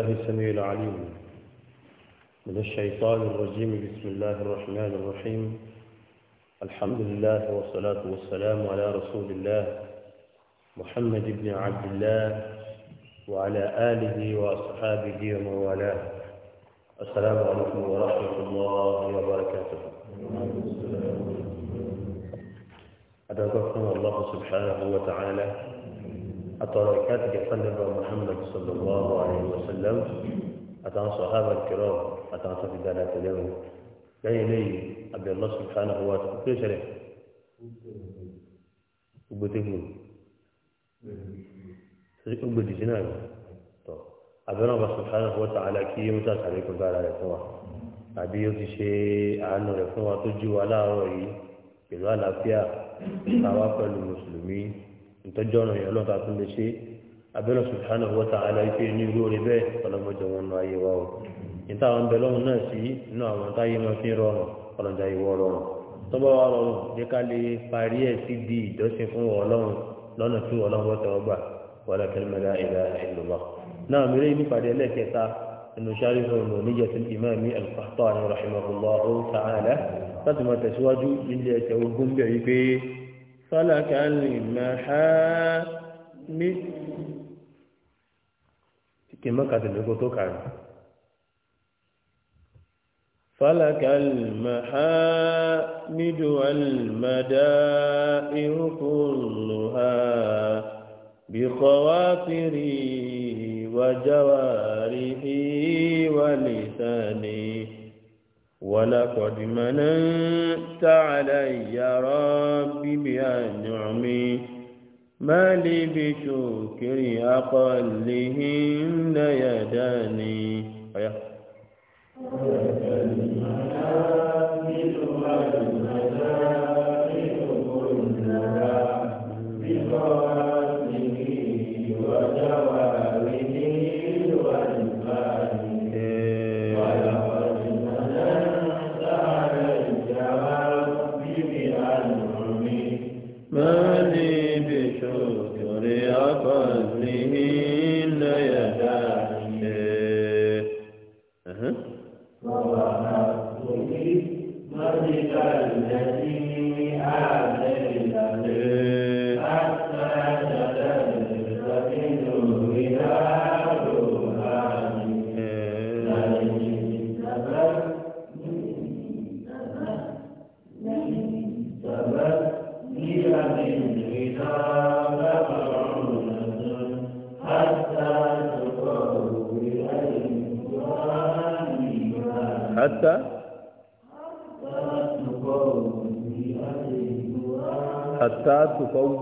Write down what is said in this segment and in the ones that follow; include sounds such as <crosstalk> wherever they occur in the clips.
الله السميع العليم من الشيطان الرجيم بسم الله الرحمن الرحيم الحمد لله والصلاة والسلام على رسول الله محمد بن عبد الله وعلى آله وأصحابه ومن والاه السلام عليكم ورحمة الله وبركاته أدعوكم الله سبحانه وتعالى أترى كاتب قلب محمد صلى الله عليه وسلم أتعن صحابة الكرام أتعن صفي ذلك اليوم لا يلي أبي الله سبحانه وتعالى كل شريف وبتقول وبدي جنابي طب أبي الله سبحانه وتعالى كي يمتاز عليكم بارا يا àbí ó ti ṣe àánú rẹ̀ fún wa tó jí wa láàárọ̀ yìí pẹ̀lú àlàáfíà táwa pẹ̀lú mùsùlùmí ìtọ́jú ọ̀nà ìyá ọlọ́ta tó lè ṣe abẹ́lẹ̀ sùlùmánà wọ́n ta àlàyé pé ní irú orí bẹ́ẹ̀ ọlọ́mọdé wọn nù ayé wa o níta àwọn bẹ̀ lọ́run náà sí inú àwọn táyé máa fi rọrùn ọlọ́jà ìwọ rọrùn tọ́gbà wa rọrùn jẹ́ ká lè parí ẹ̀ sí bí ìjọsìn fún ọlọ́run lọ́nà tí ọlọ́run wọ́n tẹ̀wọ́ gbà wọ́n lọ́kẹ́ mẹ́ta ìlà ìlúwà náà mìíràn ibi pàdé ẹlẹ́kẹta ẹnu sáré fún ọmọ oníjẹsìn ìmáàmí alùpàtọ́ àyẹ̀rọ̀ ìmọ̀ فلك المحامي كما قتل كتوكا فلك المحامد والمدائر كلها بخواطري وجوارحي ولساني ولقد مننت علي ربي بأنعمي ما لي بشكر أقلهن يداني أيه. Thank you. به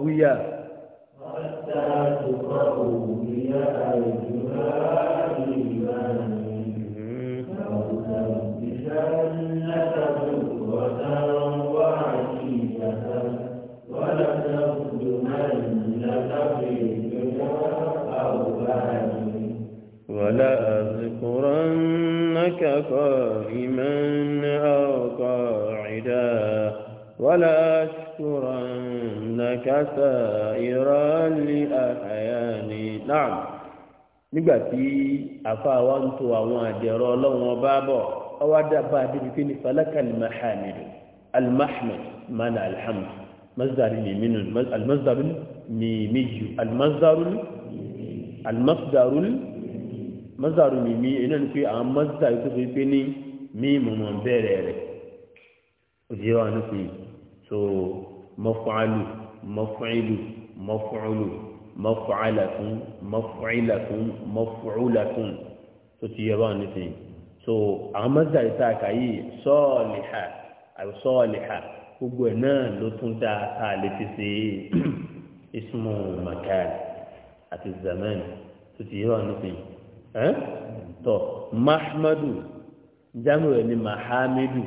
wíyà. ìran ní àyàní náà nígbà tí àfa wa ń to àwọn àjẹrọ ọlọ́run ọba bọ̀ ọwọ́ dábàá adébí pé ní falaka almahamidu almahmed mana alhamdu masdari ni minu almasdaru ni miju almasdaru almasdaru masdaru ni mi iná ni pé àwọn mọ́fọ́ìlù mọ́fọ́ìlù mọ́fọ́ìlàkùn mọ́fọ́ìlàkùn mọ́fọ́ìlàkùn tó ti yẹ báwọn nísìnyí so àwọn mọ́tà ìta àkàyè sọ́ọ̀lìhà àìsọ́ọ̀lìhà gbogbo ẹ̀ náà ló tún dá a lè fi ṣe ismu makar àti zaman tó ti yẹ báwọn nísìnyí ẹ́ tọ́ mahmadu jamu mahamidu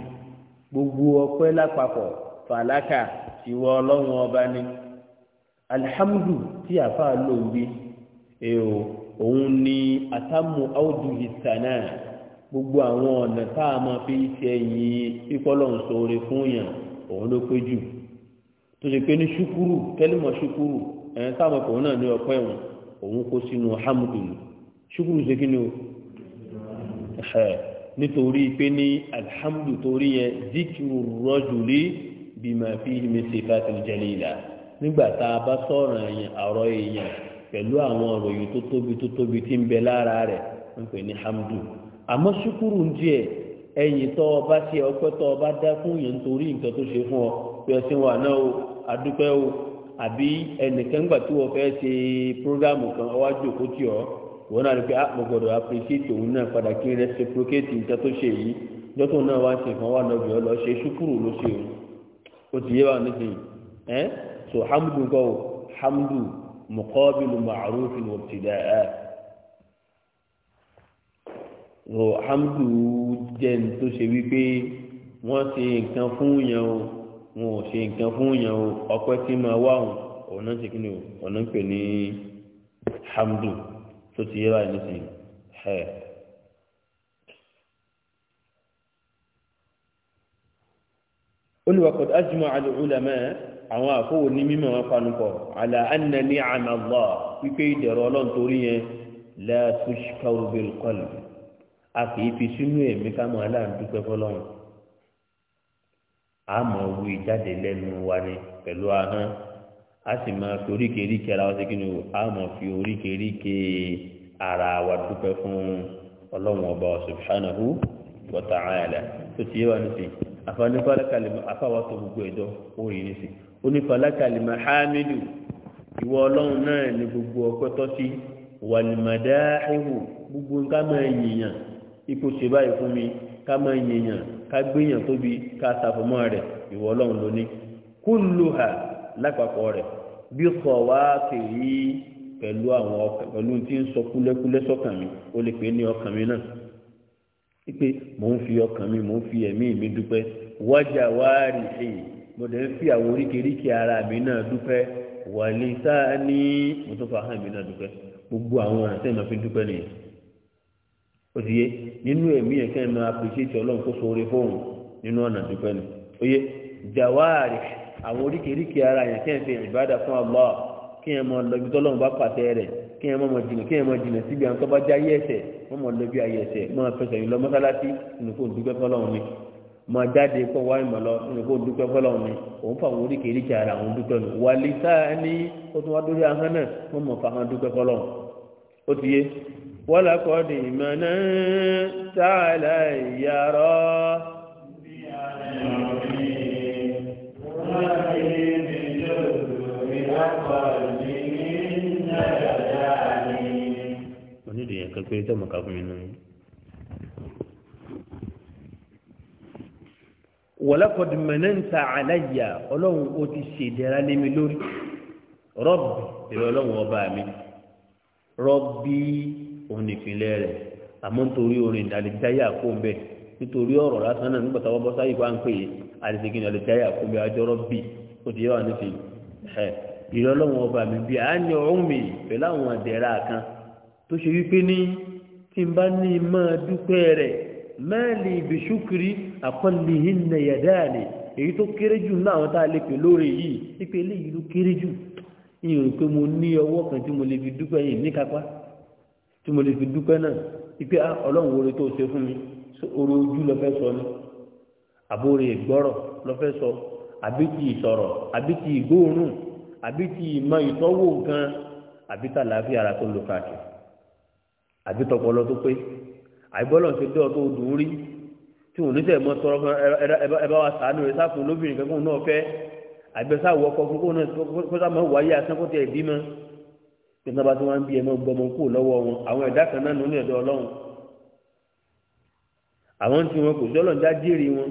gbogbo ọpẹ́ lápapọ̀ fàlákà ìwọ ọlọ́run ọba ni alihamudu tí àfa lò ń bí èrò òun ni atamu audu hisana gbogbo àwọn ọ̀nà tá a máa fi ṣe yìí ìkọlọ́hún sóore fún yàn òun ló pé jù tó ṣe pé ní ṣukuru kẹlímọ̀ ṣukuru ẹ̀yìn táwọn ọkọ̀ náà ní ọ̀pọ̀ ẹ̀wọ̀n òun kó sínú hamudu ṣukuru ṣe kí ni o nítorí pé ní alihamudu torí yẹn zikiru rọ́jùlé bímọ fíhì mi ṣe fàtìlì jẹlẹ ìlà nígbà tá a bá sọ̀rọ̀ ẹ̀yìn àrọ̀ èèyàn pẹ̀lú àwọn òròyìn tó tóbi tó tóbi tí ń bẹ lára rẹ̀ ń pè ní hamdu àmọ́ ṣukuru ń díẹ̀ ẹ̀yìn tó o bá ṣe ọpẹ́ tó o bá dá fún yẹn nítorí nǹkan tó ṣe fún ọ pé ẹsìn wà náà o adúpẹ́ o àbí ẹnìkan gbà tí wọ́n fẹ́ ṣe prógámù kan ọwájú òkú ọ wọn náà rí pé àpò ah, gbọdọ̀ appreciate òun náà padà kí n reciprocate nǹkan tó ṣe yìí lọ́tọ̀ náà wá ṣe fún wa náà ó ti yé wa nísìnyí ẹ so hamdu kọ o hamdu mukọ́bìlù màrúfin wọ̀tìdá ẹ so hamdu jẹ́ ní tó ṣe wípé wọ́n ṣe nǹkan fún yẹn o wọn ò ṣe nǹkan fún yẹn o ọpẹ́ tí máa wá òun òun náà ṣe o òun náà ń hamdu tó ti yé wa nísìnyí ẹ. olùwàkọ̀tà ajumọ̀ alùhùlámẹ́ àwọn àfọwò ní mímọ̀ wọn fanukọ̀ àlà ànà ní àmà lọ wípé ìdẹ̀rọ ọlọ́run torí yẹn lẹ́tùṣkàwù bẹ́ẹ̀ kọ́lù a kì í fi sínú ẹ̀mí kámọ́ aláǹdúpẹ́ fọlọ́run a mọ̀ wí jáde lẹ́nu wa ni pẹ̀lú ahọ́n a sì máa fi oríkèéríkèé ara wa sí kíni o a mọ̀ fi oríkèéríkèé ara wa dúpẹ́ fún ọlọ́run ọba subhanahu wa àfànífàlákàlìmọ̀ àfàwàtò gbogbo ẹ̀dọ́ òun yìí nìsí onífàlákàlìmọ̀ hamidu ìwọ ọlọ́run náà ni gbogbo ọpẹ́ tọ́ sí wàlìmọ̀dá ihò gbogbo ká máa yìnyàn ipò ṣe báyìí fún mi ká máa yìnyàn ká gbéyàn tóbi ká sàfọmọ́ rẹ̀ ìwọ ọlọ́run lóní kúlù hà lápapọ̀ rẹ̀ bí kọ̀ wá kèrí pẹ̀lú àwọn ọkàn pẹ̀lú tí ń náà pé mò ń fi ọkàn mi mò ń fi ẹ̀mí mi dúpẹ́ wájà wáàrì ṣe mo dẹ̀ ń fi àwọn oríkèéríkèé ara mi náà dúpẹ́ wàlí sáà ní mo tó fa hàn mi náà dúpẹ́ gbogbo àwọn ọ̀nà tẹ́ ẹ̀ máa fi dúpẹ́ nìyẹn ó ti yé nínú ẹ̀mí ẹ̀ kẹ́ ẹ̀ máa apèṣẹ́tì ọlọ́run kó sóore fóun nínú ọ̀nà dúpẹ́ ni ó yé jàwáàrì àwọn oríkèéríkèé ara yẹn kẹ́ ẹ̀ fi ìbáda fún allah kí ẹ̀ máa lọ ibi tọ́lọ́run bá pàtẹ́ rẹ̀ kí ẹ̀ máa jìnà kí ẹ̀ máa jìnà síbi àwọn tó bá jáyé ẹ̀sẹ̀ wọn mọ lóbi ayé ẹsẹ máa fẹsẹ̀ yìí lọ mọ́sálásí nínú kó dúpẹ́ ni máa jáde kọ́ wá ìmọ̀ lọ nínú kó dúpẹ́ ni òun fà wọ́n oríkèé ríkè ara àwọn dúpẹ́ nù wàlí sáà ní ó tún wá dórí ahọ́n náà wọ́n mọ̀ fà hàn dúpẹ́ fọlọ́run ó ti yé wọ́lá kọ́ ìmọ̀nà sáàlà ìyàrá. nìkan pé tó mọ̀ká fún mi nù. wọ́lákọ̀dù mẹ́nẹ́ǹta àláyà ọlọ́run ó ti ṣèdẹ́ra lé mi lórí rọ́bì èrè ọlọ́run ọba mi rọ́bì òun ìpínlẹ̀ rẹ̀ àmọ́ nítorí orin ìdálẹ́dáyà kó ń bẹ̀ nítorí ọ̀rọ̀ lásán náà nígbà táwọn bọ́sáyì bá ń pè é àdìsíkì ìdálẹ́dáyà kó ń bẹ̀ àjọrọ̀ bì ó ti yẹ wà nífi ẹ̀ ìrọ̀lọ́wọ́n ọba mi bíi àánì ọ̀hún mi pẹ̀lú àwọn àdẹ̀rà kan tó ṣe wípé ní tí n bá ní máa dúpẹ́ rẹ̀ mẹ́ẹ̀lì ìbísúkiri àkọlìhìn nàyàdáàlì èyí tó kéré jù náà àwọn tá a lè pè lóore yìí wípé eléyìí ló kéré jù ìyẹn rò pé mo ní ọwọ́ kan tí mo lè fi dúpẹ́ yìí ní kápá tí mo lè fi dúpẹ́ náà wípé ah, ọlọ́run wo lè tó ṣe fún mi orí ojú lọ fẹ́ sọ ni àbórí ìgbọ́rọ̀ lọ fẹ́ sọ àbí ti ìsọ̀rọ̀ àbí ti ìgbóòórùn àbí ti ìmọ̀ ìtọ́wò gan àbí tàlàáfíà ara tó lò káàkiri àbí tọpọlọ tó pé àìbọ́lọ̀ ṣe dé ọtọ́ odò orí tí òun níṣẹ́ mọ́ tọrọ fún ẹ bá wa sàánú rẹ sáfún lóbìnrin kankan náà fẹ́ àgbẹ̀sá wọ ọkọ fún kó sá máa wáyé asán kó tẹ ẹ̀bí mọ́ nígbà bá tí wọ́n ń bí ẹmọ gbọmọ kú lọ́wọ́ wọn àwọn ẹ̀dá kan náà nínú ẹ̀dọ́ ọlọ́run àwọn tí wọn kò sí ọlọ́run jájèrè wọn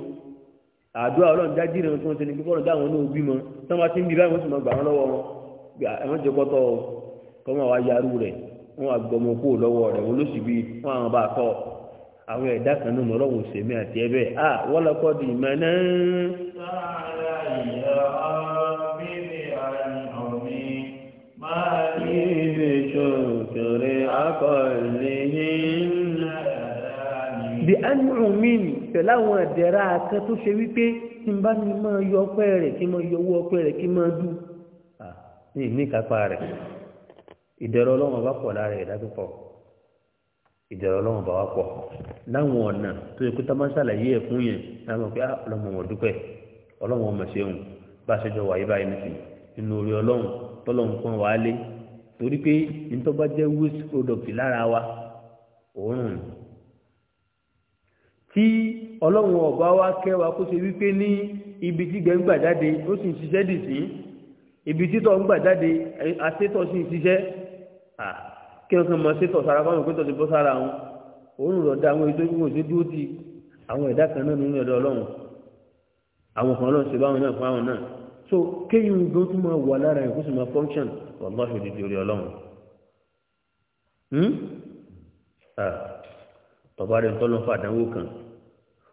àdúrà ọlọ́run jájèrè wọn tí wọ́n ti ní kí bọ́ọ̀lù dáwọn náà bímọ tí wọ́n bá ti ń bí báyìí wọ́n sì máa gbà wọ́n lọ́wọ́ wọn ẹ̀wọ́n ti kọ́tọ́ ọ kọ́ máa wá yarú rẹ̀ wọn àgbọmọ kó lọ́wọ́ rẹ̀ wọn ló sì bí fún àwọn bá tọ́ àwọn ẹ̀dá kan náà lọ́wọ́ sèmi àti ẹ̀bẹ̀ à ah, wọ́n lọ́kọ́ di ìmọ̀ náà. sáàlà ìyá bí àyàn mi pẹ̀lú àwọn ẹ̀dẹ̀rà kan tó ṣe wípé tí n bá ní máa yọ ọpẹ́ rẹ̀ kí n máa yọ owó ọpẹ́ rẹ̀ kí n máa dùn. Ah, ní ìníkàpá rẹ̀ ìdẹ̀rọ ọlọ́run bá pọ̀ lára ẹ̀dá tó pọ̀ ìdẹ̀rọ ọlọ́run bá wà pọ̀ láwọn ọ̀nà tó yẹ kó tá máa ń ṣàlàyé ẹ̀ fún yẹn láwọn pé ah, ọlọ́run wọn dúpẹ́ ọlọ́run ọmọ ṣeun bá a ṣẹjọ wàyí báyìí nìsín inú orí ọlọ́run tọ́lọ́run kan wà á lé torí pé nítorí bá jẹ́ waste product lára wa òórùn tí ọlọ́run ọ̀bá wa kẹwàá kó ṣe wípé ní ibi tí gbẹ̀ ń gbà jáde ó sì ń ṣiṣẹ́ dì sí ibi títọ́ ń gbà jáde àṣetọ́ sì ń ṣiṣẹ́ kí wọ́n kàn mọ sí tọ̀sára fáwọn òpin tọ̀sí bọ́ sára wọn òórùn rọ̀ da àwọn ètò ìwọ̀n tó dúró ti àwọn ẹ̀dá kan náà nínú ẹ̀dọ́ ọlọ́run àwọn kan ọlọ́run ṣe báwọn náà fún àwọn náà so kéyìn gan tún máa wà lára ẹ̀ kó sì máa function ọlọ́ṣọ́ dídí orí ọlọ́run tọ́ba hmm? rẹ̀ ń tọ́lọ́ fún àdánwò kan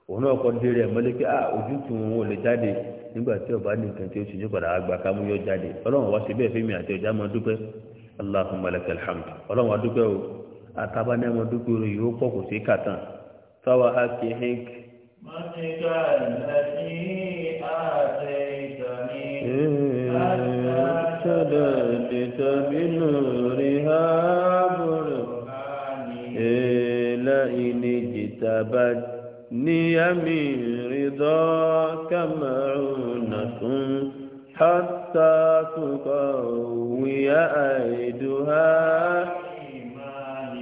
òun náà kọ́ dé rẹ̀ mọ́lẹ́ pé ojú tí wọn ò lè jáde nígbà tí ọba nìkan tí ó ṣe ní padà àgbà kámúyọ́ jáde ọlọ́run wá sí bẹ́ẹ̀ fẹ́mi àti ọjà máa dúpẹ́ aláhùnmọ́ lẹ́kẹ̀ alhamdu ọlọ́run adúgbò o àtàbà ní ẹmọ dúgbò rẹ yóò pọ̀ kò sí kàtàn sáwà ákì hink. mọ́tíkà ìlẹ́sí ààrẹ ìtàní àtàdà ìtàbí lórí ààbòrò èèlà ìní jìtàbà níyàmì rìdọ́ kàmàrún nàtún. حتى تقوي أيديهم السماء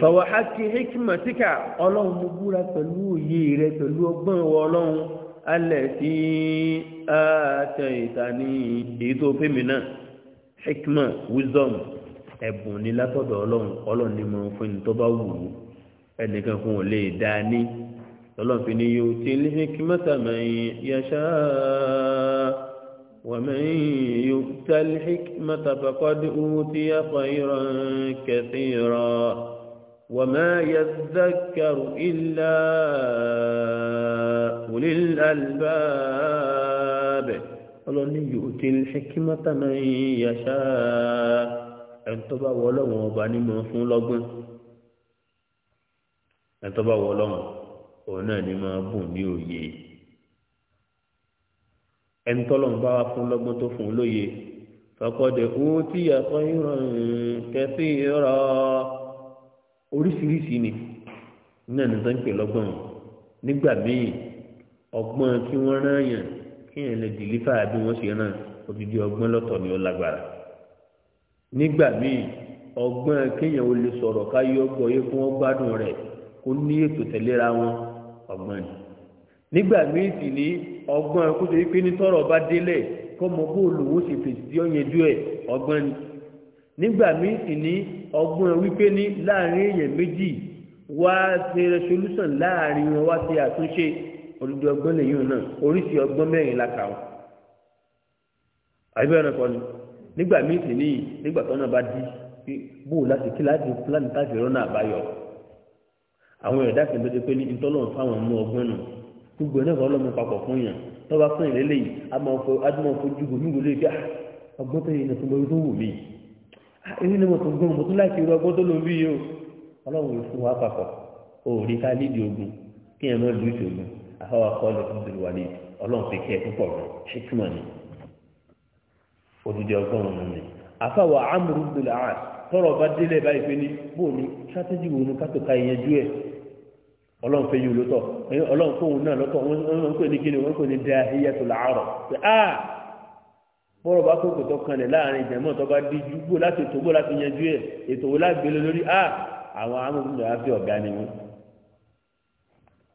فوحكي حكمتك اللهم بورا pẹ̀lú òye rẹ pẹ̀lú ọgbọ́n ìwọ ọlọ́run alẹ̀ tí ààtẹ ìtàní èyí tó fẹ́ mi náà hikma wisdom ẹ̀bùn ní látọ̀dọ̀ ọlọ́run ọlọ́run ni mo fún ní tó bá wù ú ẹnìkan fún ò lè dá ní ọlọ́run fi ní yóò tí ní hikmata mẹ́yìn yẹ́ṣáá ومن يؤت الحكمة فقد أوتي خيرا كثيرا وما يذكر إلا أولي الألباب ولن يؤتي الحكمة من يشاء أنت بقى ولو وباني من فلقن أنت بقى ولو وناني ما بني ويه ẹni tọ́lọ̀ ń bá wa fún lọ́gbọ́n tó fún un lóye fọkọ̀dẹ̀ ohun tí yàtọ̀ ìrọ̀rùn kẹfí rọ oríṣiríṣi ni náà ní sọ́ńpè lọ́gbọ́n nígbà míì ọgbọ́n kí wọ́n rán yàn kí yàn lè dìlífà bí wọ́n ṣe rán odidi ọgbọ́n lọ́tọ̀ ni ó lágbára nígbà míì ọgbọ́n kéèyàn ò lè sọ̀rọ̀ káyé ọgbọ́n yé fún ọgbádùn rẹ̀ kó ní ètò tẹ̀léra wọn ọgbọ́n nígbà míì sì ní ọgbọ́n ẹ̀kú tó yí pé nítọ́rọ̀ bá délẹ̀ kọ́mọ bóòlù owó ṣe fèsì tí ó yẹn dú ẹ̀ ọgbọ́n ni nígbà míì sì ní ọgbọ́n wípé ní láàrin èèyàn méjì wá ṣe resolution láàrin wọn wá ṣe àtúnṣe olùdó ọgbọ́n lèyìn náà oríṣi ọgbọ́n mẹ́rin la kà ó àbí ẹran kan ni nígbà míì sì ní nígbà tó náà bá di bóòlù láti kí láti plan láti rọ́nà àbáyọ àwọn ẹ̀dá kan tó ti pé ní ìtọ́lọ́run fáwọn ọmọ ọgbọ́n náà gbogbo ẹ̀ náà kọ́ lọ́mọ papọ̀ fún yàn tó bá fún ìlélẹ̀ yìí a máa fọ adúmọ̀ fojú gbòmí wò lè gbà ọgbọ́n tó yẹ nìkan lórí tó wù mí eré ni mo tún gbọ́n mo tún láti irú ọgbọ́n tó lò bí yìí o ọlọ́run yóò fún wa papọ̀ òòrí ká lídì ogun kí ẹ̀ máa lùtì ogun àfọwọ́ akọ́lẹ̀ fún ìlú wàlẹ̀ ọlọ́run fi kẹ́ ẹ púpọ̀ rẹ̀ ṣíkìmọ̀ ni odidi ọgbọ́n ọ̀nà ni àfọwọ́ amúrú gbòlá tọrọ bá délẹ̀ báyìí pé ní bóòní strategy wo ni ká tó ka ìyẹn jú ẹ̀ ọlọ́run fẹ́ yìí lótọ́ ọlọ́run fóun náà lọ́tọ́ wọ́n pè ní kíni wọ́n pè ní dáhíyá tó làárọ̀ pé a bọ́rọ̀ bá kókò tó kanlẹ̀ láàrin ìjẹ̀mọ́ tó bá di láti láti yanjú ẹ̀ ètò wo láti gbélé lórí àwọn náà fi ọ̀gá ni wọn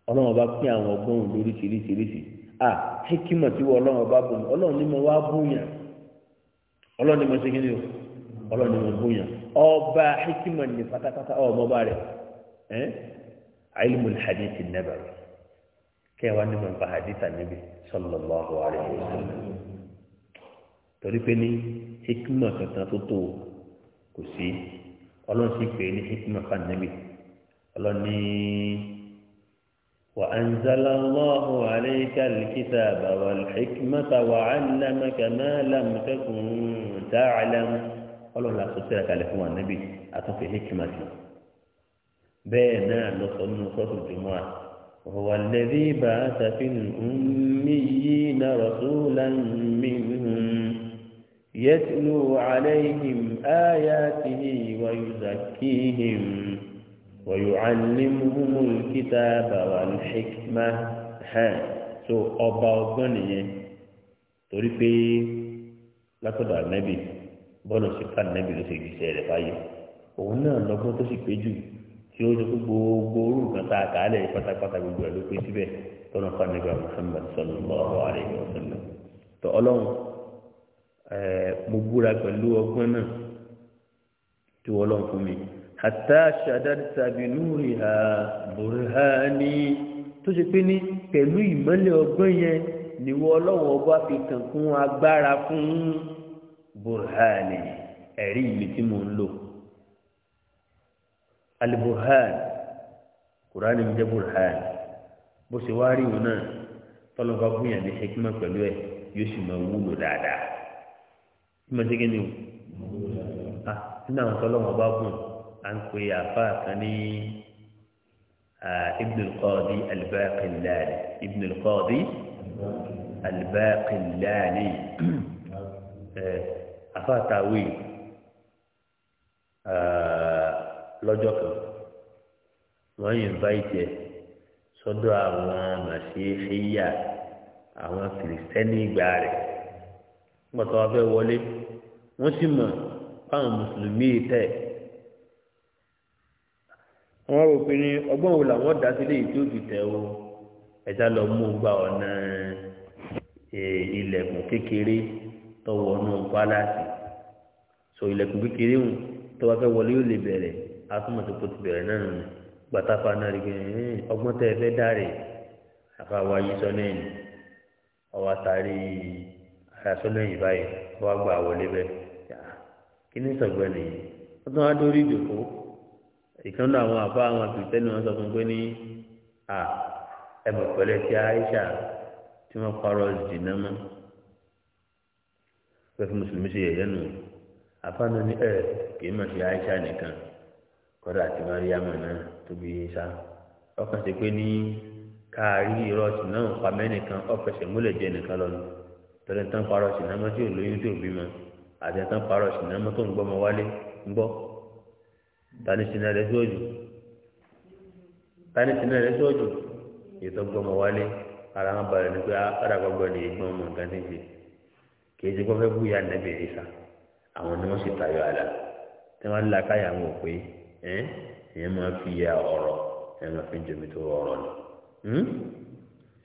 ọlọ́run bá pín àwọn ọgbọ́n a hekima tí wọ́n ọlọ́run bá ọlọ́run علم الحديث النبوي kẹwàá ní mọ̀ النبي صلى الله عليه وسلم. wa sallam torí pé ní hikima kankan tó tó kò sí ọlọ́run sì pé ní hikima kan nabi ọlọ́run ní وأنزل الله عليك الكتاب والحكمة وعلمك ما لم تكن تعلم قالوا لا تسيرك على النبي أتوفي حكمتي bẹ́ẹ̀ náà lọ sọ nínú sọ́tù jùmọ́ à wà lẹ́bí bá a ṣàfihàn mí yí na rọ̀túlà mí hùn yẹtìlú àlẹ́yìn áyá ti ní ìwàyù zakihim wàyù alímúmú kíta bàwà lùṣẹ́kímá hàn so ọba ọgbọ́n nìyẹn torí pé látọ̀dọ̀ ànábì bọ́ọ̀lù sí ká ànábì ló ṣe ìgbésẹ̀ rẹ̀ fáyé òun náà lọ́gbọ́n tó sì pé jù tí ó ní kó gbogbo orú nǹkan tá a kà á lẹ̀ pátápátá gbogbo ẹ̀ ló pé síbẹ̀ tọ́nà fún anigba muhammed sallallahu alayhi wa sallam tó ọlọ́run mo búra pẹ̀lú ọgbọ́n náà tí wọ́n lọ́n fún mi hàtà ṣàdáta bínúrì ha burhani tó ṣe pé ní pẹ̀lú ìmọ́lẹ̀ ọgbọ́n yẹn ni wọ́n lọ́wọ́ bá fi kàn fún agbára fún burhani ẹ̀rí ìlú tí ń lò. البرهان قران من البرهان بو سواري ونا طلب ابو يا دي حكمه كلو يوسف ما وولو دادا ما تيجي نيو اه نعم طلب ابو ابو ان كوي افا كاني آه، ابن القاضي الباقي اللالي ابن القاضي الباقي اللالي <coughs> افا تاوي آه lọ́jọ́ kan wọ́n yìn báyìí jẹ sọ́dọ̀ àwọn màṣíhíyà àwọn kìrìsìtẹ́nì ìgbà rẹ̀ pọ̀tọ́ afẹ́ wọlé wọ́n sì mọ̀ fáwọn mùsùlùmí tẹ̀ wọ́n rò pé ní ọgbọ́n wo làwọn dá sílé yìí tó fi tẹ̀ o ẹ̀dá lọ mú un gba ọ̀nà e, ilẹ̀kùn kékeré tọwọ́ nù pálásì so ilẹ̀kùn kékeré ń tọ́wọ́ fẹ́ wọlé yóò lè bẹ̀rẹ̀ atúmọ̀tò kò ti bẹ̀rẹ̀ náà nù gbàtàfà náà rí gbẹ̀rẹ̀ ọgbọ́n tẹ́ ẹ fẹ́ dáre àfàwọ̀ ayé sọ́nà ẹ̀yìn ọwọ́ àtàrí àyàsọ́nà ẹ̀yìn báyìí ọwọ́ àgbà wọlé bẹ́ẹ̀ kí ní sọ̀gbẹ́ nìyí wọ́n tún wá dórí ìdòkó ìkan náà àwọn àbá àwọn àpètẹ́nu wọn sọ fún pé ní à ẹ̀mọ̀ pẹ̀lẹ́ ti aisha tí wọ́n parọ́ jìnnà mọ́ pẹ̀lú mùsùlùmí ṣe yẹ̀yẹ́ nù àfáàná ní ẹ̀ kì í mọ̀ sí aisha nìkan kọ́dà tí mariamu náà tó bí sá ọkàn ti pé ní káàrí ìrọ̀tì náà pa mẹ́nìkan ọ̀fẹsẹ̀ múlẹ̀ jẹ́ nìkan lọ́nu tọ́lẹ̀ tán parọ́ sìnámọ́ tí ò lóyún tí bímọ àti tán parọ́ sìnámọ́ tó ń gbọ́mọ ń gbọ́ tani rẹ ètò wálé ara wọn balẹ̀ ní pé ah, ni ìgbọ́n nǹkan ti ṣe kì í ṣe kọ́fẹ́ nẹ́bẹ̀ẹ́ àwọn ni wọ́n sì àlà tí wọ́n káyà wọn ò pé ẹ èèyàn máa fi ya ọ̀rọ̀ ẹ máa fi jòmí tó ọ̀rọ̀ ni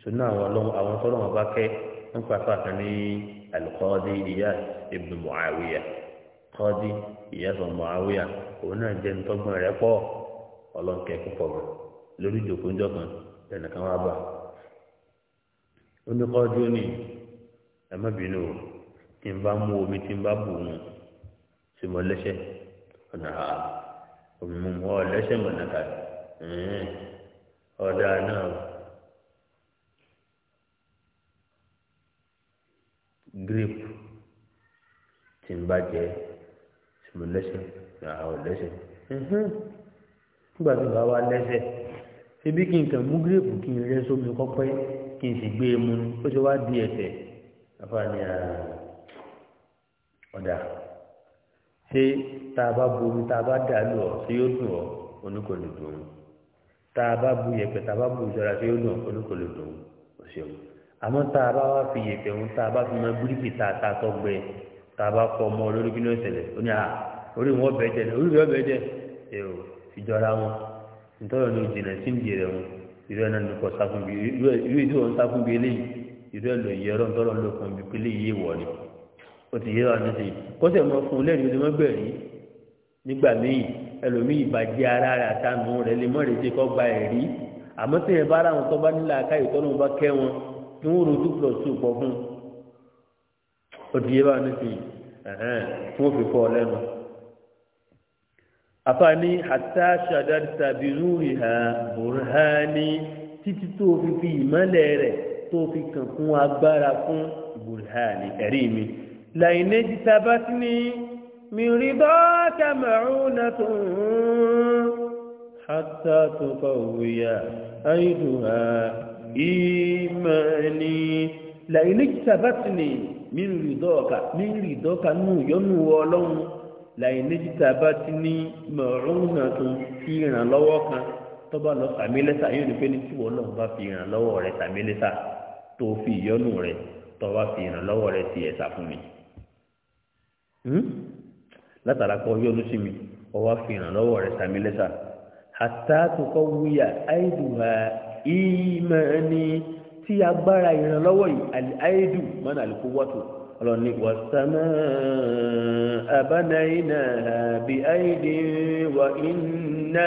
ṣùgbọ́n hmm? àwọn tọ́lọ́wọ́n bá kẹ́ ń pàpà kan ní alikọ́ọ́dí ìyá ibùdó mọ̀áwíyà kọ́ọ́dí ìyá sọ mọ̀áwíyà òun náà jẹ́ ntọ́gbọ́n rẹ pọ̀ ọlọ́nkẹ́ púpọ̀ lórí ìjòkóńjọ́ kan wá bá ó ní ó ní ẹ má bínú o tí n bá mú omi tí bá bù mọ́ lẹ́sẹ̀ ọ̀nà òmùmù ọ̀lẹ́sẹ̀ mọ̀nàkà ọ̀dà náà grape tí ń bá jẹ mo lẹ́sẹ̀ àwọn lẹ́sẹ̀ nígbà tí bá wá lẹ́sẹ̀ ṣébí kí n kàn mú grape kí n rẹ sómi kọ́pẹ́ kí n sì gbé e mu ó ṣe wá di ẹ̀tẹ̀ afáàní ọ̀dà ṣé tá a bá bomi tá a bá dàlú ọ ṣé yóò dùn ọ oníkò lè dùn tá a bá bu yẹpẹ tá a bá bu ìṣọra ṣé yóò dùn oníkò lè dùn ọ ṣeun àmọ́ tá a bá wá fi yẹpẹ wọn tá a bá fi mọ bíríkì tá a ta tọgbẹ tá a bá kọ ọmọ lórí kí ló ṣẹlẹ̀ ó ní à orí wọn bẹ jẹ orí wọn bẹ jẹ ẹ ò ìjọra wọn nítorí ọ̀nà ìjìnlẹ̀ sí ìdí rẹ̀ wọn ìlú ẹ̀ náà nìkan sáfún bí irú ìdí wọn sáfún bí eléyìí ìlú ẹ̀ lọ ìyẹ́rọ̀ ńtọ́rọ̀ lókun bí pélé yìí wọ̀ ni ó ti yé wa nísìnyí kó sì mọ fún un lẹ́nu ló mọ́ gbẹ̀rí nígbà míì ẹlòmíì ìbàjẹ́ ara rẹ̀ àtànù rẹ̀ lè mọ́ rèéjì kọ́ gba ẹ̀rí àmọ́ tí yẹn bá ara wọn tó bá nílà káyọ̀ tó lóun bá kẹ́ wọn kí wọ́n ro two plus two pọ̀ fún un ó yé wa nísìnyí fún òfin fọ́ ọ lẹ́nu. àfààní àtà ṣàdáàdì tàbí rúurì hà bùrhání títí tó fi fi ìmọ̀lẹ̀ rẹ̀ tó fi kàn fún agbára fún bùrhání ẹ̀rí mi. لئن اجتبتني من رضاك معونة حتى تقوي أيدها إيماني لئن اجتبتني من رضاك من رضاك نو ينو لئن اجتبتني معونة في لوكا tọ́ba lọ sàmílẹ́sà yóò ní pé ní tí wọ́n náà bá fi ìrànlọ́wọ́ rẹ̀ sàmílẹ́sà tó fi ìyọ́nù rẹ̀ tọ́ba fi ìrànlọ́wọ́ rẹ̀ ti ẹ̀sà fún mi. Hmm? látara kọ yọnu sí mi ọwọ́ fi ìrànlọ́wọ́ rẹ̀ sàmì lẹ́sà àtàtúkọ̀ wíyà tí agbára ìrànlọ́wọ́ yìí àìdù mọ́nà àlùkò wọ́tò ọlọ́ni wàsánà àbánáyínà bí àìdì wà iná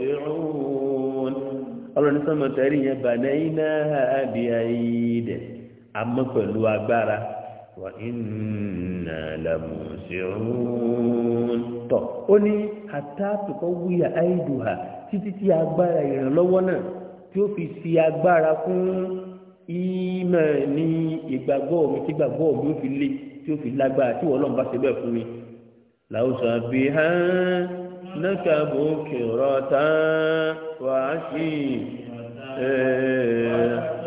ọlọ ọlọ́ni sọ́mọ̀tẹ́rì yẹn bànáyínà bí àìdẹ̀ àmọ́ pẹ̀lú agbára. وإنا لموسعون طب أني حتى تقوي أيدها تتتي أكبر يرلونا توفي سي أكبر كون ìmọ̀ ní ìgbàgbọ́ mi tí gbàgbọ́ mi ó fi lé tí ó fi lágbára tí wọ́n bá ṣe bẹ́ẹ̀ fún mi. làwùsàn bí hàn náà bò kìrọ̀ tán wàá ẹ̀ẹ́.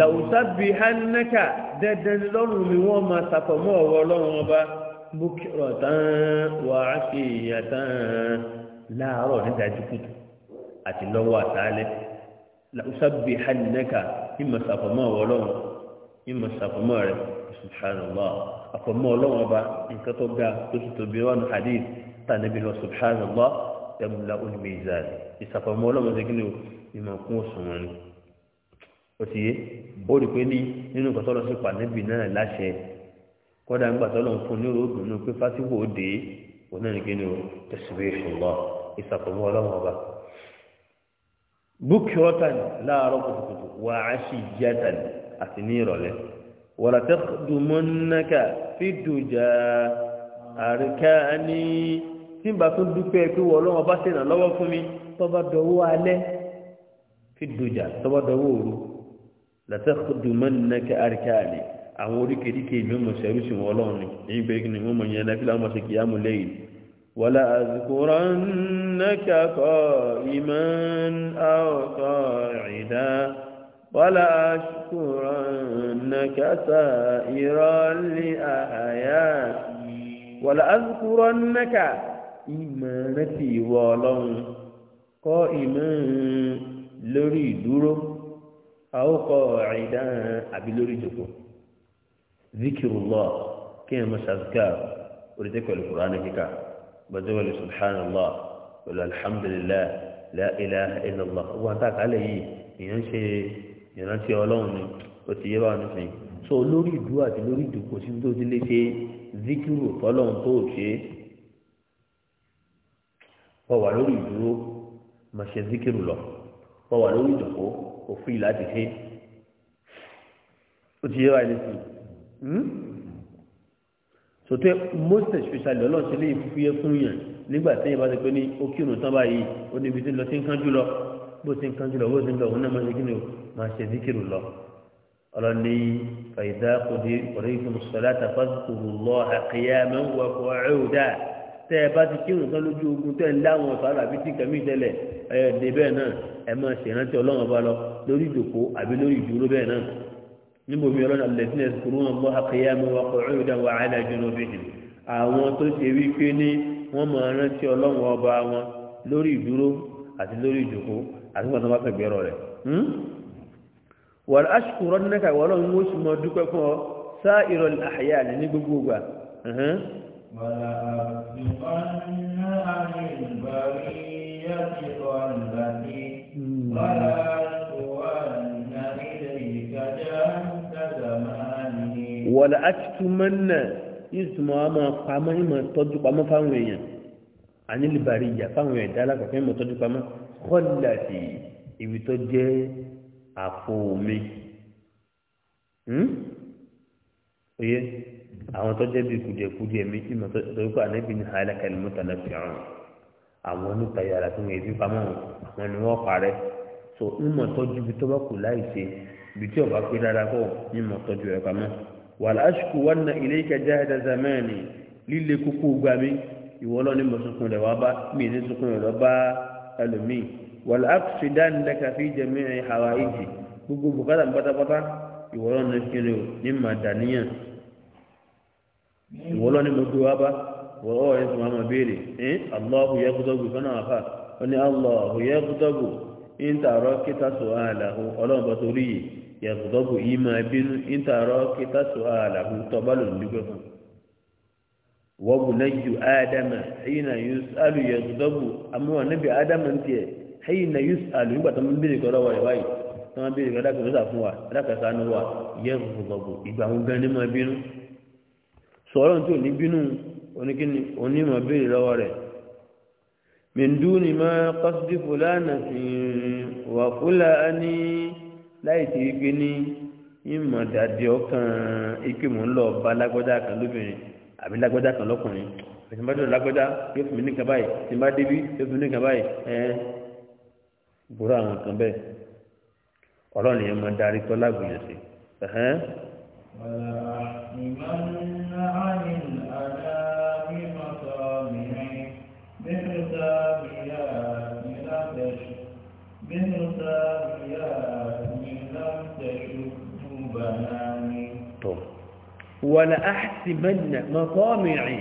làwùsábì hánákà dẹ́dẹ́ lọ́rùn mi wọ́n máa sàfọ̀mọ́ ọ̀wọ́ ọlọ́run ọba bókìrọ̀ tán wà á fi ìyà tán láàárọ̀ nídàájú kùtù àti lọ́wọ́ àtàlẹ́ làwùsábì hánákà ìmọ̀ sàfọ̀mọ́ ọ̀wọ́ ọlọ́run ìmọ̀ sàfọ̀mọ́ rẹ̀ subhanallah àfọ̀mọ́ ọlọ́run ọba nǹkan tó ga tó sì tóbi wà ní hadith tànàbí lọ subhanallah yàgùn la olùmíyàn ìsàfọ̀mọ́ ọlọ́run òtí yé ó rí pé ní nínú nǹkan tọ́lọ́ sí pàdébì náà láṣẹ kọ́dà ńgbà tọ́lọ́ ń fún ní oògùn nínú pé o tẹ̀síwé ìṣòlọ́ ìsàkómọ́ ọlọ́wọ́n ọba búkì ọ̀tàn láàárọ̀ kùtùkùtù wà á sì jẹ́tàn àti ní ìrọ̀lẹ́ wọ̀rọ̀ tẹ́ dùmọ́nàkà fídùjà àríkàní tí n bá tún dúpẹ́ pé wọ́n ọba ṣe fún mi لتخدمنك أركاني أعوذك لكي مما سيروس مولوني إن إيه بيكني مما ينافل أمس قيام الليل ولا أذكرنك قائما أو قاعدا ولا أشكرنك سائرا لأحياتي ولا أذكرنك إيمانتي ولون قائما لري دروب àwọn kọ ẹ̀dán àbí lórí ìjòkó zikiru lọ kí ẹ mọṣá zika orí tẹ pẹlú kuraani kíkà gbajúmọlẹ subhanallah pẹlú alhamdulilayi la ilaha illallah wọn ta kálẹ yìí èèyàn ṣe ìrántí ọlọrun ni ó ti yé báwọn nísìnyí so lórí ìdúró àti lórí ìjòkó síbi tó ti kò fún ìlàjì ṣe ó ti yé wa ẹni sí sòtẹ́ most ọlọ́ọ̀ṣẹ́ lè fi fúyẹ́ fún yàn nígbà téèyàn bá ti pé ní ó kírun tán báyìí ó níbi tí lọ sí ń kánjú lọ bó ti ń kánjú lọ bó ti ń lọ òun náà máa ṣe kí ni o máa ṣe díkìrù lọ ọlọ́ni fàyídá kò dé ọ̀rẹ́ ìfún sọ̀lá tàfàkùrù lọ àkẹyà mẹ́wàá kò ẹ̀ẹ́dà tẹ́ ẹ bá ti kírun tán lójú ogun tẹ́ ń láwọn ọ̀sán àbí tí kẹ́mí tẹ́lẹ̀ ẹ̀ lórí ìdòkó àbí lórí ìdúró bẹ́ẹ̀ náà níbo mi ọlọ́dà lẹ́sìn ẹ̀sìn kúrú wọn bọ́ wa ọ́yọ́ dá àìlà jùlọ bẹ́ẹ̀ àwọn tó ṣe wí pé ní wọ́n máa rántí ọlọ́run ọba wọn lórí ìdúró àti lórí ìdòkó àti wọn tó bá fẹ́ gbẹ́rọ rẹ̀ hmm? nínú ó sì mọ dúpẹ́ fún ọ sá ìrọ̀lẹ́ àyà wọ̀lá àtìtúmọ́nà ìsúnmọ́ a máa pamọ́ ìmọ̀ tọ́jú pamọ́ fáwọn èèyàn ànílìbàrí ìyà fáwọn ẹ̀dá alákọ̀ọ́fẹ́ ìmọ̀ tọ́jú pamọ́ kọ́láàtì ibi tó jẹ́ àpò omi hmm? oye àwọn tó jẹ́ bí kùdìẹ̀kùdìẹ̀ mi ìmọ̀ tọ́jú pé ànábì ní àyàlákàlì mọ́tà náà fi hàn àwọn oníta yàrá tó ń yẹ fi àwọn ni wọ́n parẹ́ so ìmọ̀ tọ́jú ibi tó bá kù láì ṣe ibi tí ọba rárá kọ́ ìmọ̀ tọ́jú ẹ̀ pamọ́ wàláṣùkú wà ní ilé ìkẹjá ẹ̀dá zamani líle kúkú gbà mí ìwọ lọ ní mọ̀sùnkùn rẹ̀ wá bá mi ní sunkún rẹ̀ lọ bá ẹlòmíì wàláṣù dánilẹ́ka fi jẹ̀mí ẹ̀ hàwa ìjì gbogbo bùkátà pátápátá ìwọ lọ ní kiri o ní màdàníyàn ìwọ lọ ní mọ̀sùnkùn wá bá wọ́n ọ̀ ẹ̀ àmọ̀ béèrè ẹ̀ aláhu yẹ kúdọ́gù fẹ́ràn àfà ó ní yàtọ̀tọ̀bù yìí máa bínú ìtàrọ kítàtù àlàbù tọ́ba ló ń dúpẹ́ fún wọ́n bù náà ju ádámà ẹ̀yìn náà yóò sálù yàtọ̀tọ̀bù àmúwà níbi ádámà ń tiẹ̀ ẹ̀yìn náà yóò sálù nígbà tó ń bèrè kọ́ lọ́wọ́ rẹ̀ báyìí tó ń bèrè kọ́ dákẹ́sà fún wa dákẹ́sà ní wa yàtọ̀tọ̀bù ìgbà wọn gan ni máa bínú sọ̀rọ̀ tí ò láì sí wípé ní ìmọ̀ dàdí ọkàn ike mò ń lọ bá lágbọ́dá kan lóbìnrin àbí lágbọ́dá kan lọ́kùnrin tí n bá dọ̀rọ̀ lágbọ́dá yóò fún mi nìkan báyìí tí bá débí yóò fún mi nìkan báyìí ẹ̀ẹ́n gbòòrò àwọn kan bẹ́ẹ̀ ọlọ́run yẹn mọ darí tọ́lá gbìyànjú ẹ̀ẹ́n. wàlà àṣìbẹ́nà mọ̀kọ́mìrì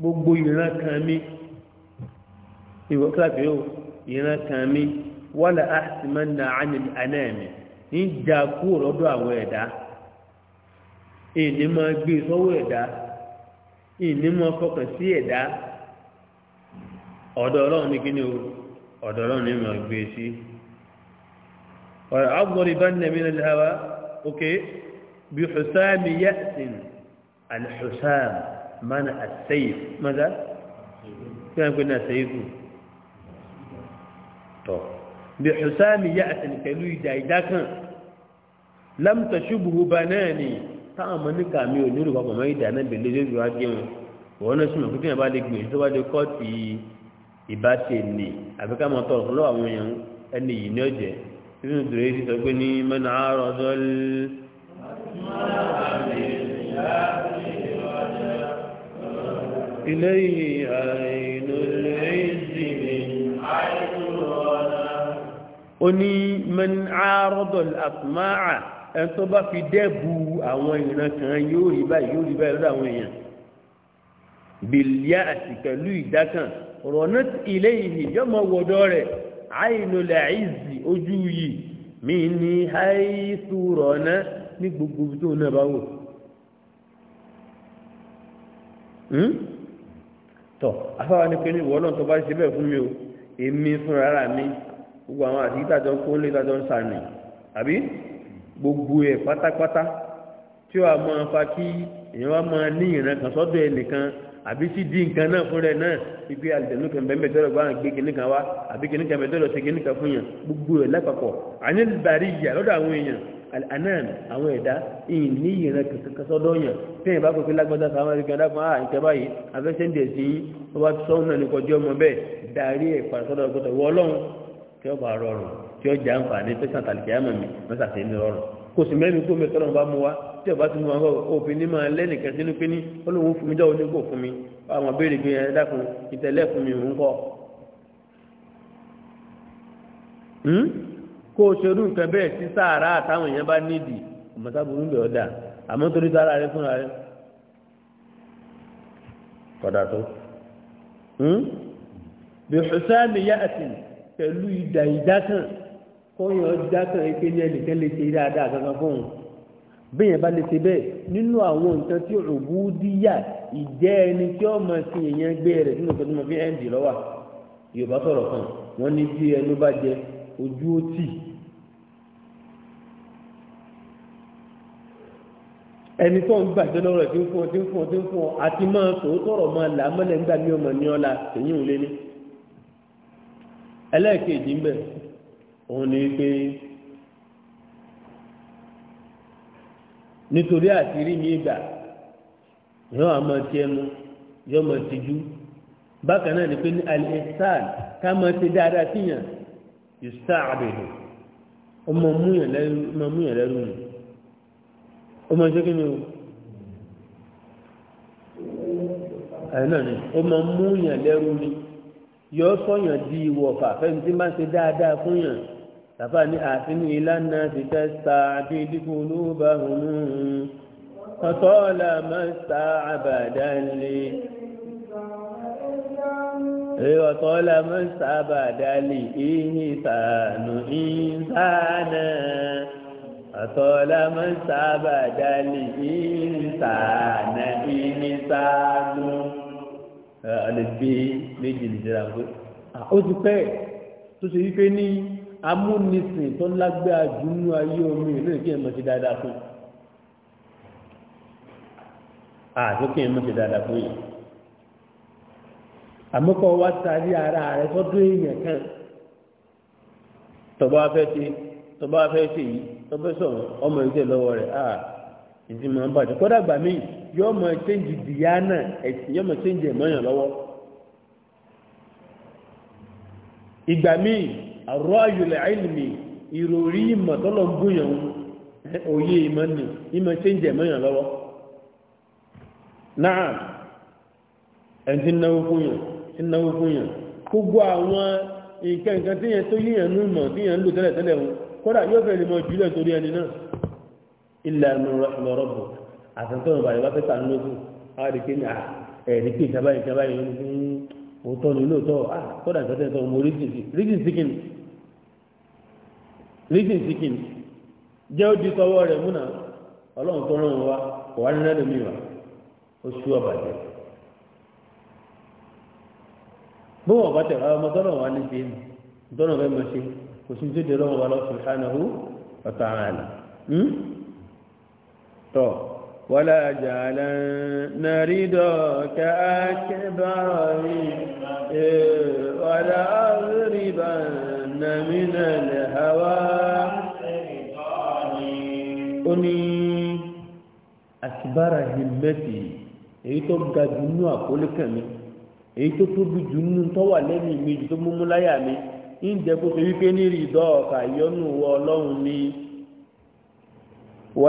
gbogbo ìran kan mi ìwọ kíláàsì yóò ìran kan mi ma na ànẹ́mi ní jàkú lọ́dọ̀ àwọn ẹ̀dá gbé sọ́wọ́ ẹ̀dá ìní máa sí ẹ̀dá ọ̀dọ̀ بحسام يأس الحسام منع السيف ماذا؟ كان قلنا سيف طب بحسام يأس كلوي دايداك لم تشبه بناني táàmù níkà mi ò nílùú papọ̀ mẹ́rin ìdáná bèlè lórí wa gé wọn wọn náà súnmọ̀ kí tíyẹn bá lè gbìyànjú tó bá lè kọ́ ti ìbáṣe nì àbí ká mọ̀ tọ̀rọ̀ lọ́wọ́ àwọn èèyàn ẹni yìí ní ọ̀jẹ̀ tí wọn dùrẹ́ sí sọ pé ní mẹ́nà àárọ̀ dọ́lẹ́. إليه عين العز من حيث أني من عارض الأطماع ẹn tó bá fi dẹ́bu àwọn ìran kan yóò rí báyìí yóò rí báyìí lọ́dọ̀ àwọn èèyàn bìlíà àti pẹ̀lú ìdákan rọ̀nà ilé ìhì yọmọ wọ̀dọ́ rẹ̀ àìnulẹ̀ àìsí ojú yìí mí ní àìsù rọ̀nà ní gbogbo ibi tóun náà bá wò hmm? tọ afáwa ni pé ní ìwọ náà tó bá ṣe bẹ́ẹ̀ fún mi o èmi fúnra ara mi gbogbo àwọn àti ìtàjọ kó lé ìtàjọ ń sàmì àbí gbogbo ẹ̀ pátápátá tí ó wà máa fa kí èèyàn wá máa ní ìran kan sọ́dọ̀ ẹnìkan àbí sí di nǹkan náà fún rẹ náà ibi àlùjẹ̀nu kan bẹ́ẹ̀ tọ́lọ̀ gbọ́n gbé kìnnì kan wá àbí kìnnì kan bẹ́ẹ̀ tọ́lọ̀ ṣe kìnnì kan fún yàn gbogbo ẹ̀ lápapọ̀ àní bàrí ìyà lọ́dọ̀ àwọn èèyàn anan àwọn ẹ̀dá ìyìn ní ìran kankan sọ́dọ̀ yàn tẹ́yìn bá pèpè lágbádá sáwọn ẹ̀rí kan dákun ah, áà nǹkan báyìí afẹ́sẹ̀ǹdẹ̀ sí wọ́n bá kò sì mẹ́rin kó mẹ́tọ́ náà bá mú wa tí ọba ti mú wọn bọ̀ òfin ní máa lẹ́nìkan sínú pé ní olóhùn fún mi jọ́ onígbò fún mi àwọn béèrè gbé yẹn dákun ìtẹ̀lẹ́ fún mi òun kọ́ hmm? kó o ṣerú nǹkan bẹ́ẹ̀ sí sáàrà àtàwọn èèyàn bá nídìí ọmọsáburú ń bẹ̀ ọ́ dà àmọ́ torí sára rẹ fúnra rẹ kọ̀dà tó bí ṣùṣẹ́ mi yá àti pẹ̀lú ìdà ìdá kan kóyàn ọjà kan ike ní ẹnìkan lè ṣe dáadáa kankan fún un bẹ́yẹn bá lè ṣe bẹ́ẹ̀ nínú àwọn nǹkan tí òbúdíyà ìjẹ́ ẹni tí ó mọ̀ sí èèyàn gbé rẹ̀ nínú ìtọ́jú mọ̀ bí ẹ́ǹdì lọ́wà yorùbá sọ̀rọ̀ kan wọ́n ní bí ẹnu bá jẹ ojú ó tì ẹni tó ń gbàjọ lọ́rọ̀ tí ń fún ọ tí ń fún ọ tí ń fún ọ àti máa tòótọ́rọ̀ máa là mọ́lẹ̀ ńgbà ní ọmọ ní ọ́la èyí ò ẹlẹ́ẹ̀kejì ń bẹ̀ òun ni pé nítorí àtìrí mi gbà yóò àmọ tiẹ mu yóò mọ tijú bákan náà ni pé ní alẹ́sàn ká mọ ti dáadáa síyàn yóò sáà àbẹ̀dù ọmọ múyàn lẹ́rù nù ọmọ ìṣe kí ni o àìnà ni ọmọ múyàn lẹ́rù ni yóò sọ̀yàn di ìwọ̀fà fẹ́ni tí máa ń ṣe dáadáa fún yàn tàbá ní àfin ìlànà ti tẹ́sà àti ìdíkù olóòbá hùn ọ̀tọ́ọ̀lá mẹ́ta àbàdálé ọ̀tọ́ọ̀lá mẹ́ta àbàdálé ìhì ìtànù ìtànà ọ̀tọ́ọ̀lá mẹ́ta àbàdálé ìhì ìtànà ìhì ìtànù ọ̀lẹ́gbẹ́ méjì nìjọba pé ó ti pẹ́ tó ṣe wípé ní. amúnisìn tó lágbára jù ayé omi ìlú ìkí ẹ̀mọ́ ti dáadáa fún àtúkì ẹ̀mọ́ ti dáadáa fún yìí àmọ́kọ́ wá sáré ara rẹ̀ èèyàn kan tọba afẹ́ ṣe tọba afẹ́ ṣe yìí tọba sọ̀rọ̀ ọmọ ìṣẹ́ lọ́wọ́ a ìdí máa ń bàjẹ́ kọ́dà gbà mí ṣéǹjì àrọ́ ayòlẹ̀ àìlèmí ìròrí ìmọ̀ tọ́lọ̀ ń gbóyàn òye ìmọ̀ nì ìmọ̀ tí ń jẹ mọ́yàn lọ́wọ́ náà ẹni tí ń náwó fún yàn tí ń náwó fún yàn gbogbo àwọn nǹkan nǹkan tí yẹn tó yíyàn ní ìmọ̀ tí yẹn ń lò tẹ́lẹ̀ tẹ́lẹ̀ wọn kódà yóò fẹ́ lè mọ jùlọ torí ẹni náà ilẹ̀ ẹnu lọ́rọ̀bù bàyẹ̀ bá fẹ́ta lókù àríkè reason seeking jẹ́ ó di sọ́wọ́ rẹ̀ múnà ọlọ́run tó rán wa kò wá nínú ẹlòmíì wa ó sú ọ̀bàjẹ́ bó wọn bá tẹ ọmọ tọ́nà wa ní ṣe tọ́nà bẹ́ẹ̀ mọ̀ ṣe kò sí tó dèrò wọn lọ sùhánahú ọ̀tá àlà tọ́ wọ́lá àjà àlà nàrídọ̀ ká kẹ́bàá rí. akbara himmeti èyí tó ga jù nínú àkólẹ́kàn mi èyí tó tóbi jù nínú tọ́wà lẹ́nu mi tó múmú láyà mi ń kó ṣe wípé nírì ìdọ́ ọ̀kà ìyọ́nù wọ ọlọ́run mi ẹnu tọ́wà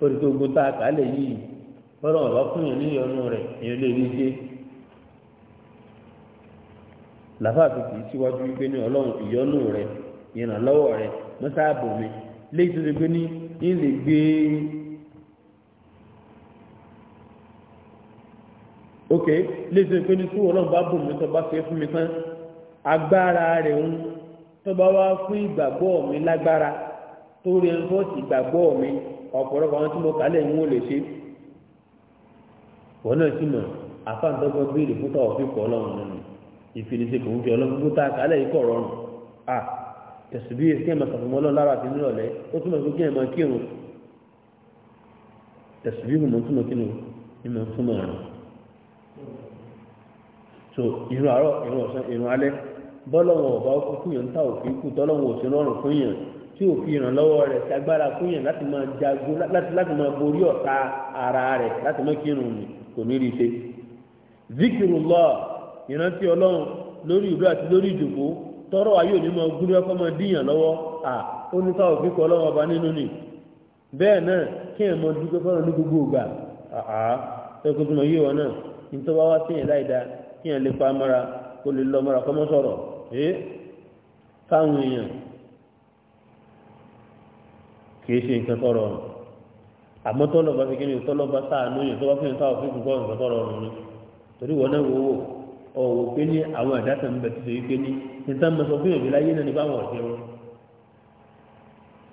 lè lé tó àkàlẹ̀ yìí làfà tó kì í síwájú wípé ní ọlọ́run ìyọ́nù rẹ ìrànlọ́wọ́ rẹ mọ́sáàbò mi léyìí tó ti gbé ní ilé gbé ok léyìí tó ti gbé ní tí ọlọ́run bá bò mí tó bá fẹ́ fún mi tán agbára rẹ̀ ń tó bá wá fún ìgbàgbọ́ mi lágbára tó rí ẹni tó ti gbàgbọ́ mi ọ̀pọ̀lọpọ̀ àwọn tí mo kà lẹ́yìn wọn lè ṣe wọn náà sì mọ̀ àfáàntọ́gbọ́n béèrè fún tọ́wọ́ fífọ́ ọlọ́run nínú ìfinisi kò ń fi ọlọ́run gbogbo tá a kálẹ̀ yìí kọ̀ rọrùn à tẹ̀sùbí kí ẹ̀ máa sàfùmọ́ ọlọ́run lára àti nírọ̀lẹ́ ó túmọ̀ pé kí ẹ̀ máa kírun tẹ̀sùbí kò mọ̀ ń túmọ̀ kírun ni mọ̀ ń túmọ̀ rẹ̀ so irun àárọ̀ irun ọ̀sán irun alẹ́ bọ́lọ́wọ̀n ọ̀bá ó kú yàn tá òfin kú tọ́lọ́wọ̀n òsì rọrùn fún yàn tí òfin ìrànlọ́wọ́ rẹ̀ ti agbára fún yàn láti máa jagun láti máa borí ọ̀ta ara rẹ̀ láti máa kírun kò ní rí i ṣe zikiru ìrántí ọlọ́run lórí ìlú àti lórí ìdògbò tọrọ ayé òní mọ gúrí ọkọ mọ díyàn lọ́wọ́ à ó ní ká òfin kọ ọlọ́run ọba nínú ni bẹ́ẹ̀ náà kí ẹ̀ mọ dúpẹ́ fọ́nà ní gbogbo ògbà àá ẹkùn tó mọ yé wọn náà nítorí wá sí ẹ̀ láìda kí ẹ̀ lè pa amára kó lè lọ ọmọra kọ́mọ́ sọ̀rọ̀ ẹ́ fáwọn èèyàn kì í ṣe nǹkan tọrọ ọ̀run àmọ́ tọ́lọ̀ bá fi kí ni tọ́lọ̀ bá sáà nú yẹn tó bá fi ń sáà òfin kúkọ́ nǹkan tọrọ ọ̀run ni torí wọn náà wò ó wò ọ̀wọ̀ pé ní àwọn ẹ̀dá tẹ̀ ń bẹ̀ ti sèyí pé ní níta mọ̀ sọ fún ìrìlá yé náà ní báwọn ọ̀jẹ̀ wọn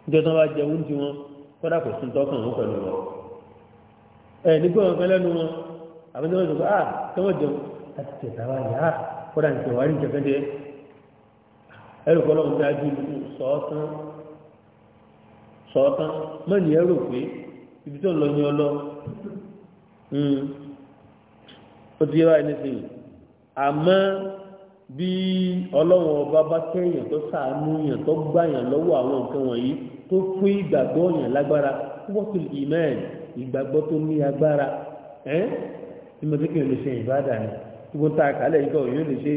níjọ́ tán wá jẹ oúnjẹ wọn kọ́dà kò sún tọ́kàn wọn pẹ̀lú wọn ẹ̀ nígbà wọn kan lẹ́nu wọn àbí tẹ́wọ́n sọ̀kọ́ ah tẹ́wọ́n jẹun láti tẹ̀sà ah, wá yá kọ́dà ní tẹ̀wá rí jẹ́kẹ́dẹ́ ẹ̀rù kọ́ lọ́wọ́ dájú sọ́ọ́tán sọ́ọ́tán mọ́ni pé ibi tó ń lọ hmm. ní ọlọ́ àmọ́ bí ọlọ́run ọba bá kẹ́yìn tó sàánú yàn tó gbàyàn lọ́wọ́ àwọn nǹkan wọ̀nyí tó fún ìgbàgbọ́ yàn lágbára wọ́tò ìmẹ́ẹ̀n ìgbàgbọ́ tó ní agbára ẹ́ tí mo ti kí n lè ṣe ìbáàdà ni tí mo ta àkàlẹ̀ yìí kọ́ yóò lè ṣe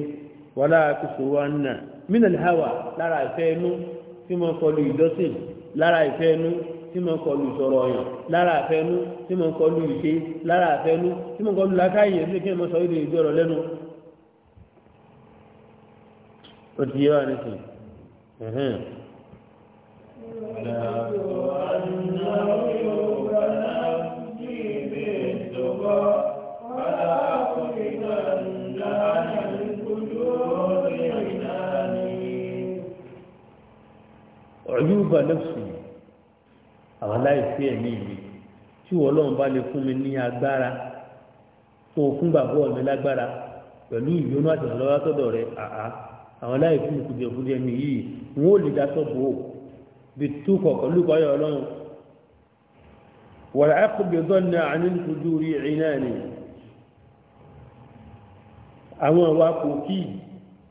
wàhálà àkóso wa nà mínàlì hàwà lára ìfẹ́ inú tí mo kọlu ó ti yé wa nísìn ọ̀yúbà lẹ́sùn àwọn aláìsí ẹ̀mí mi tí wọ́n lọ́n bá lè fún mi ní agbára tó fún bàbá mi lágbára pẹ̀lú ìyónú àtìlọ́wọ́ tọ́dọ̀ rẹ̀ àá àwọn aláìsí ìkùdìẹ̀kùdìẹ̀ mi yìí wọn ò lè dasọ bò ó bí tú kọ̀ọ̀kan lùkọ́ ayọ̀ ọlọ́run wọ̀rọ̀ ẹ̀kọ́ bí ọjọ́ ní àní ìkùdù rí ẹ̀yìn náà ni àwọn àwa kò kí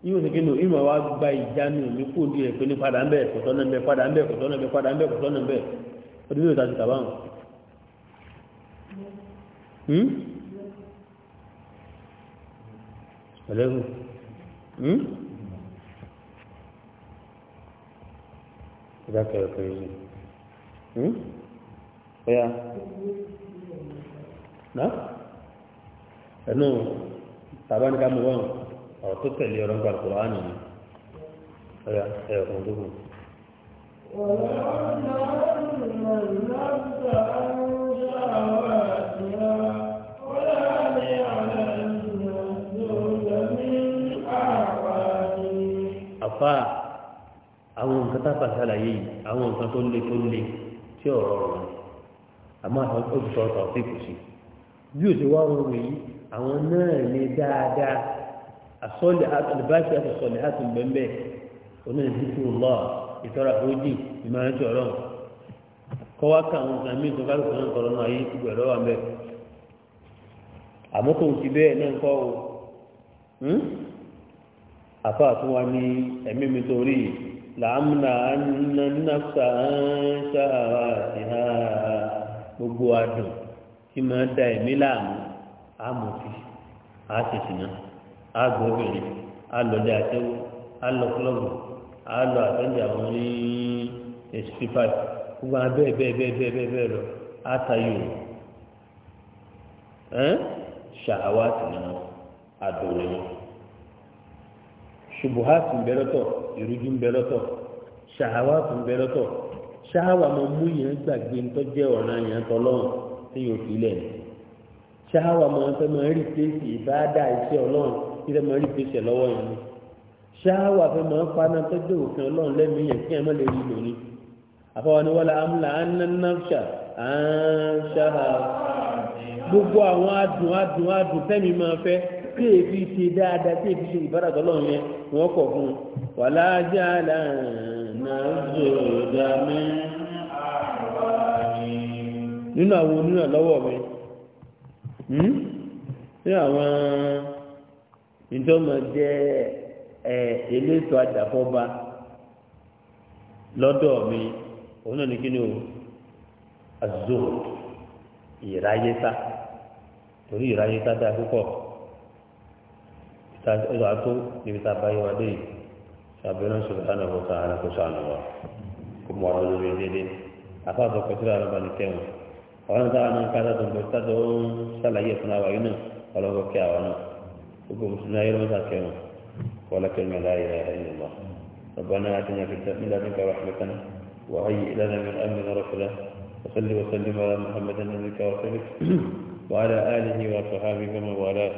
yíwọ́n ti kínú ìmọ̀ wa gba ìjánu mi kó di rẹ̀ pé ní padà ń bẹ̀ kọ̀tọ́ náà bẹ̀ padà ń bẹ̀ kọ̀tọ́ náà bẹ̀ padà ń bẹ̀ kọ̀tọ́ náà bẹ̀ ọdún yóò ta ti tàbá wọn hmm? pẹ̀lẹ́gùn ìdákẹ́ ọ̀pọ̀ èyí ọ̀yá hmm? náà ẹnu tàbáníkà mú wọn ọ̀rọ̀ tó tẹ̀lé ọ̀rọ̀ nípa àkùrọ̀ ánì ni ọ̀yá ẹ̀ ọ̀kan tó kù. Apa? àwọn nǹkan tá a fàṣàlà yìí àwọn nǹkan tó tó tí ọ̀rọ̀ rẹ̀ àmọ́ àwọn ti sọ̀rọ̀ tàwọn sí bí o ti wá wọn wò yìí àwọn náà lè dáadáa àsọ̀lẹ̀ àtàlùbáṣẹ́ àtàsọ̀lẹ̀ àtàlùbẹ́ńbẹ́ onídìí títí ìtọ́ra fúdì ìmọ̀ràn tí ọ̀rọ̀ kọ́wá ká àwọn nǹkan míì tó ká náà tọrọ náà gbẹ̀rọ wà mẹ́ làmúnà nàfà ṣáàtìhà gbogbo adùn tí máa da ẹ̀mí láàmú àmọ̀fí àṣìṣìnà àgbọ̀bìnrin alọ̀dẹ àtẹ́wò alọ̀kúlọ̀bù alọ̀ àtẹ́jà wọn ní sp gbogbo àwọn bẹ́ẹ̀ bẹ́ẹ̀ bẹ́ẹ̀ bẹ́ẹ̀ bẹ́ẹ̀ lọ àtàyò ṣàwátì ni ni wọn. ṣubuhati ń bẹ lọ́tọ̀ ìrújú ń bẹ lọ́tọ̀ ṣahawati ń bẹ lọ́tọ̀ ṣahawa mọ mú yẹn gbàgbé ńtọ́jẹ́ ọ̀nà yẹn tọ́lọ́run tí yóò fi lẹ̀ ṣahawa mọ ẹ̀fẹ́ mọ rí pèsè ìbáadá iṣẹ́ ọlọ́run tí fẹ́ mọ rí pèsè lọ́wọ́ yẹn ni ṣahawa fẹ́ mọ paná tọ́jú òfin ọlọ́run lẹ́mìí yẹn kí ẹ má lè rí lónìí àfọwọ́n ni wọ́n la amúlà ánánáfṣà án ṣahawa gbogbo àwọn adùn adùn adùn fẹ́mi máa fẹ́ tí èfi ṣe dáadáa tí èfi ṣe ìbára tọ́lọ́ yẹn wọ́n kọ̀ fún un wàlá jàdá náà zòdà mi. nínú àwọn onírà lọ́wọ́ mi hmm? ní àwọn ìjọmọ jẹ elétò àjàfọba lọ́dọ̀ mi òun náà ní kí ni o azó ìráyé sá torí ìráyé sá dáa púpọ̀. ìlú àtó níbi tá a báyìí wá dé yìí ṣàbẹ̀rẹ̀ ṣùgbọ́n àwọn ọ̀tá ara kò sànù wa kò mọ ọ̀rọ̀ lórí dédé afáàfọ̀ pẹ̀tùrọ̀ àrùn bani kẹwọn ọ̀rọ̀ táwọn náà ká dàtọ̀ bọ̀ tàdọ̀ ń ṣàlàyé fún àwa yìí náà ọlọ́wọ́ kí àwọn náà gbogbo mùsùlùmí ayé ló ń sàkẹwọn ولكن لا إله إلا الله ربنا آتنا في التأمين لدنك رحمتنا وهيئ لنا من أمرنا رشدا وصل وسلم على محمد نبيك ورسولك وعلى آله وصحابه ومن والاه